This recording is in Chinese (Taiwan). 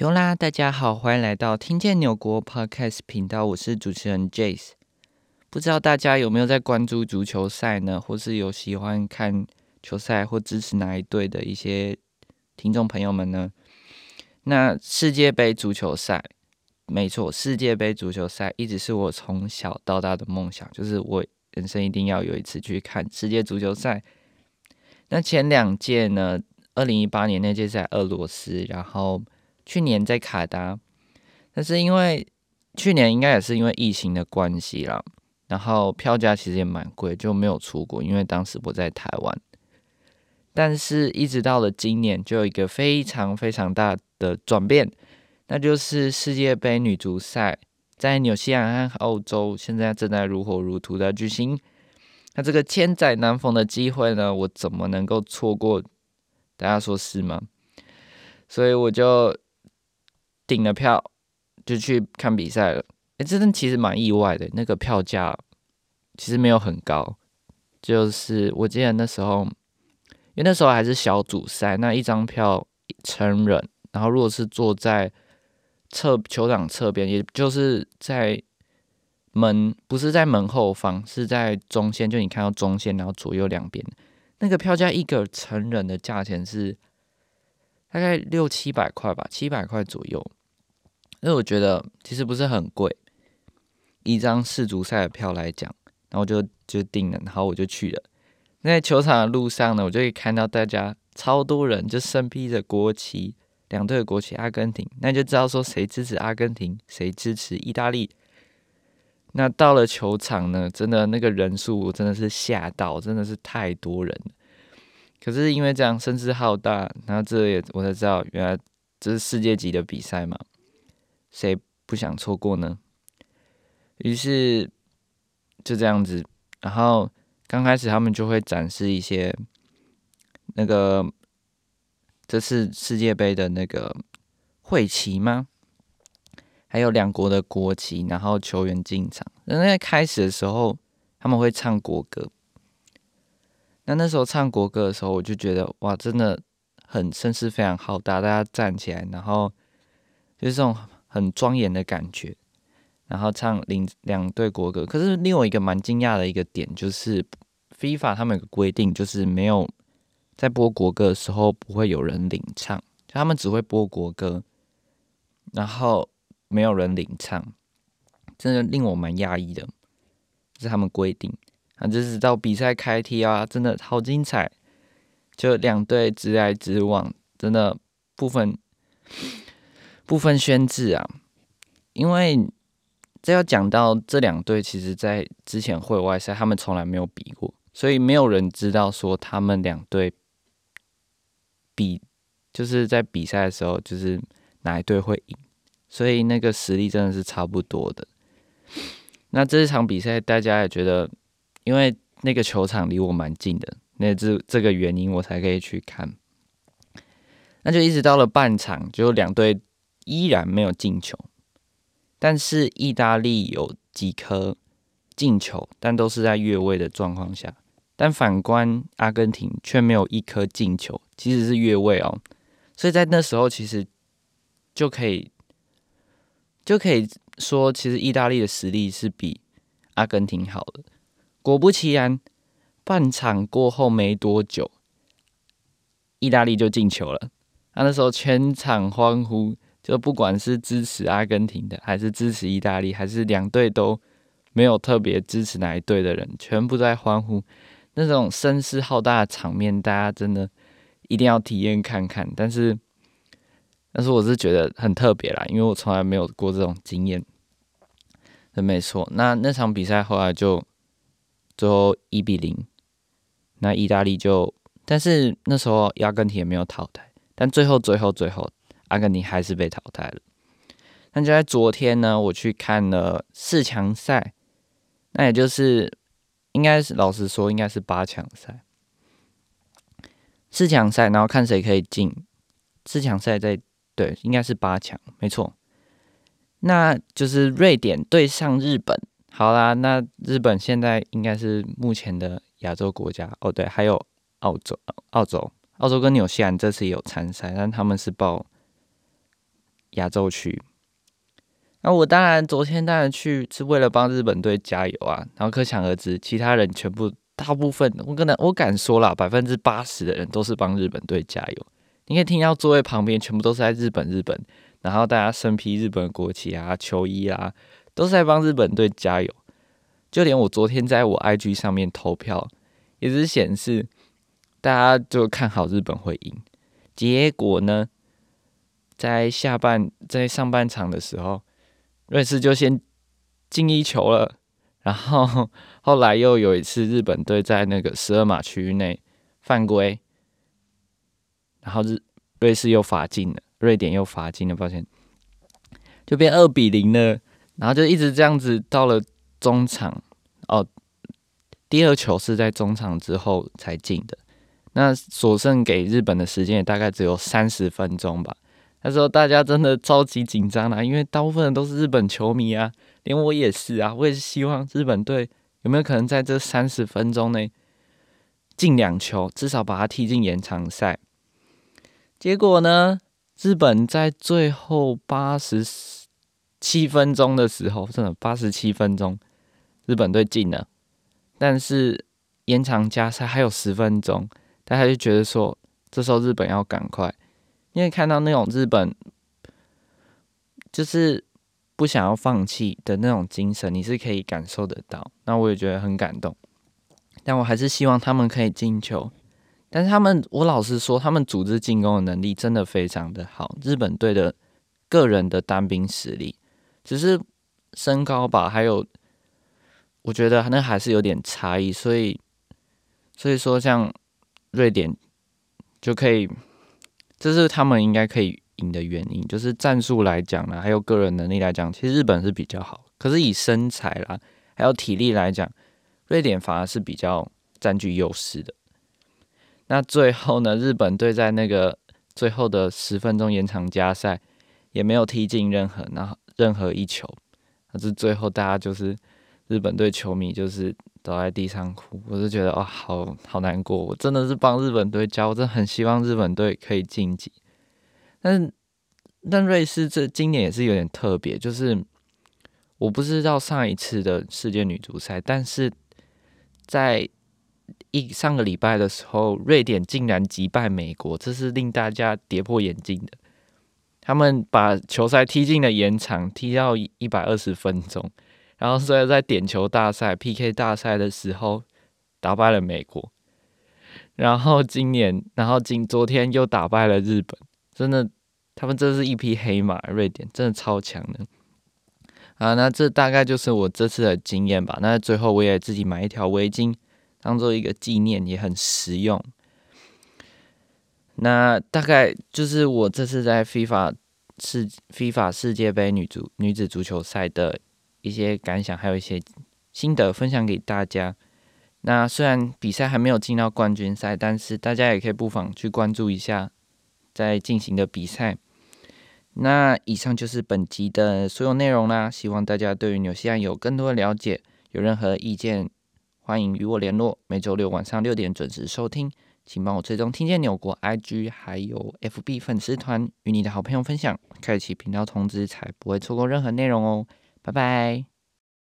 Q 啦，大家好，歡迎來到聽見紐國 Podcast 頻道，我是主持人 Jace。不知道大家有沒有在關注足球賽呢？或是有喜歡看球賽或支持哪一隊的一些聽眾朋友們呢？那世界杯足球賽，沒錯，世界杯足球賽一直是我從小到大的夢想，就是我人生一定要有一次去看世界足球賽。那前兩屆呢，二零一八年那屆在俄羅斯，然後，去年在卡達，但是因為去年應該也是因為疫情的關係啦，然後票價其實也蠻貴，就沒有出國，因為當時不在台灣。但是，一直到了今年，就有一個非常非常大的轉變，那就是世界杯女足賽在紐西蘭和澳洲現在正在如火如荼的舉行。那這個千載難逢的機會呢，我怎麼能夠錯過？大家說是嗎？所以我就。訂了票就去看比賽了，誒、欸，這真的其實蠻意外的。那個票價其實沒有很高，就是我記得那時候，因為那時候還是小組賽，那一張票成人，然後如果是坐在側球場側邊，也就是在門不是在門後方，是在中線，就你看到中線，然後左右兩邊，那個票價一個成人的價錢是大概六七百塊吧，七百塊左右。因為我覺得其實不是很貴，一張世足賽的票來講，然後我就就訂了，然後我就去了。那在球場的路上呢，我就可以看到大家超多人，就身披着國旗，兩隊的國旗，阿根廷，那你就知道說誰支持阿根廷，誰支持意大利。那到了球場呢，真的那個人數真的是嚇到，真的是太多人了。可是因為這樣聲勢浩大，然後這也我才知道，原來這是世界級的比賽嘛。誰不想錯過呢？於是就這樣子，然後剛開始他們就會展示一些那個這次世界杯的那個會旗嗎？還有兩國的國旗，然後球員進場。那在開始的時候他們會唱國歌，那那時候唱國歌的時候，我就覺得哇，真的很聲勢非常浩大，大家站起來，然後就是這種。很莊嚴的感覺，然後唱領兩隊國歌。可是另外一個蠻驚訝的一個點，就是 FIFA 他們有個規定，就是沒有在播國歌的時候不會有人領唱，就他們只會播國歌，然後沒有人領唱，真的令我蠻訝異的。就是他們規定，啊，就是到比賽開踢啊，真的好精彩，就兩隊直來直往，真的不分。不分軒輊啊，因為這要講到這兩隊，其實，在之前會外賽，他們從來沒有比過，所以沒有人知道說他們兩隊比，就是在比賽的時候，就是哪一隊會贏，所以那個實力真的是差不多的。那這一場比賽，大家也覺得，因為那個球場離我蠻近的，那這這個原因，我才可以去看。那就一直到了半場，就兩隊。依然沒有進球，但是意大利有幾顆進球，但都是在越位的狀況下。但反觀阿根廷卻沒有一顆進球，其實是越位哦。所以在那時候，其實就可以就可以說，其實意大利的實力是比阿根廷好的。果不其然，半場過後沒多久，意大利就進球了。他、啊、那時候全場歡呼。就不管是支持阿根廷的，還是支持意大利，還是兩隊都沒有特別支持哪一隊的人，全部在歡呼，那種聲勢浩大的場面，大家真的一定要體驗看看。但是，但是我是覺得很特別啦，因為我從來沒有過這種經驗。對，沒錯，那那場比賽後來就最後一比零，那意大利就，但是那時候阿根廷也沒有淘汰，但最後最後最後。阿根廷還是被淘汰了。那就在昨天呢，我去看了四強賽，那也就是，應是，應該是老實說，應該是八強賽。四強賽，然後看誰可以進。四強賽在，對，應該是八強，沒錯。那就是瑞典對上日本。好啦，那日本現在應該是目前的亞洲國家。哦，對，還有澳洲，澳洲，澳洲跟紐西蘭這次也有參賽，但他們是報。亞洲區，那我當然昨天當然去是為了幫日本隊加油啊，然後可想而知，其他人全部大部分我可能我敢說啦，百分之八十的人都是幫日本隊加油。你可以聽到座位旁邊全部都是在日本日本，然後大家身披日本國旗啊、球衣啊，都是在幫日本隊加油。就連我昨天在我 IG 上面投票，也只是顯示大家就看好日本會贏，結果呢？在下半在上半場的時候，瑞士就先進一球了，然後後來又有一次日本隊在那個十二碼區域內犯規，然後日瑞士又罰進了，瑞典又罰進了，抱歉，就變二比零了。然後就一直這樣子到了中場哦，第二球是在中場之後才進的。那所剩給日本的時間也大概只有三十分鐘吧。那時候大家真的超級緊張啦，因為大部分人都是日本球迷啊，連我也是啊，我也是希望日本隊有沒有可能在這三十分鐘內進兩球，至少把它踢進延長賽。結果呢，日本在最後八十七分鐘的時候，真的八十七分鐘，日本隊進了，但是延長加賽還有十分鐘，大家就覺得說，這時候日本要趕快。因為看到那種日本，就是不想要放棄的那種精神，你是可以感受得到。那我也覺得很感動，但我還是希望他們可以進球。但是他們，我老實說，他們組織進攻的能力真的非常的好。日本隊的個人的單兵實力，只、就是身高吧，還有我覺得那還是有點差異。所以，所以說像瑞典就可以。這是他們應該可以贏的原因，就是戰術來講呢，還有個人能力來講，其實日本是比較好。可是以身材啦，還有體力來講，瑞典反而是比較占據優勢的。那最後呢，日本隊在那個最後的十分鐘延長加賽也沒有踢進任何、然後任何一球。那這最後大家就是日本隊球迷就是。倒在地上哭，我就覺得哦，好好難過。我真的是幫日本隊加油，我真的很希望日本隊可以晉級。但是，但瑞士這今年也是有點特別，就是我不知道上一次的世界女足賽，但是在一上個禮拜的時候，瑞典竟然擊敗美國，這是令大家跌破眼鏡的。他們把球賽踢進了延長，踢到一百二十分鐘。然後，所以在點球大賽、PK 大賽的時候打敗了美國。然後今年，然後今昨天又打敗了日本。真的，他們這是一匹黑馬，瑞典真的超強的。啊，那這大概就是我這次的經驗吧。那最後我也自己買一條圍巾當做一個紀念，也很實用。那大概就是我這次在 FIFA 世 FIFA 世界杯女足女子足球賽的。一些感想，還有一些心得分享給大家。那雖然比賽還沒有進到冠軍賽，但是大家也可以不妨去關注一下在進行的比賽。那以上就是本集的所有內容啦。希望大家對於紐西蘭有更多的了解。有任何意見，歡迎與我聯絡。每週六晚上六點準時收聽，請幫我追蹤聽見紐國 IG 還有 FB 粉絲團，與你的好朋友分享，開啟頻道通知，才不會錯過任何內容哦。拜拜。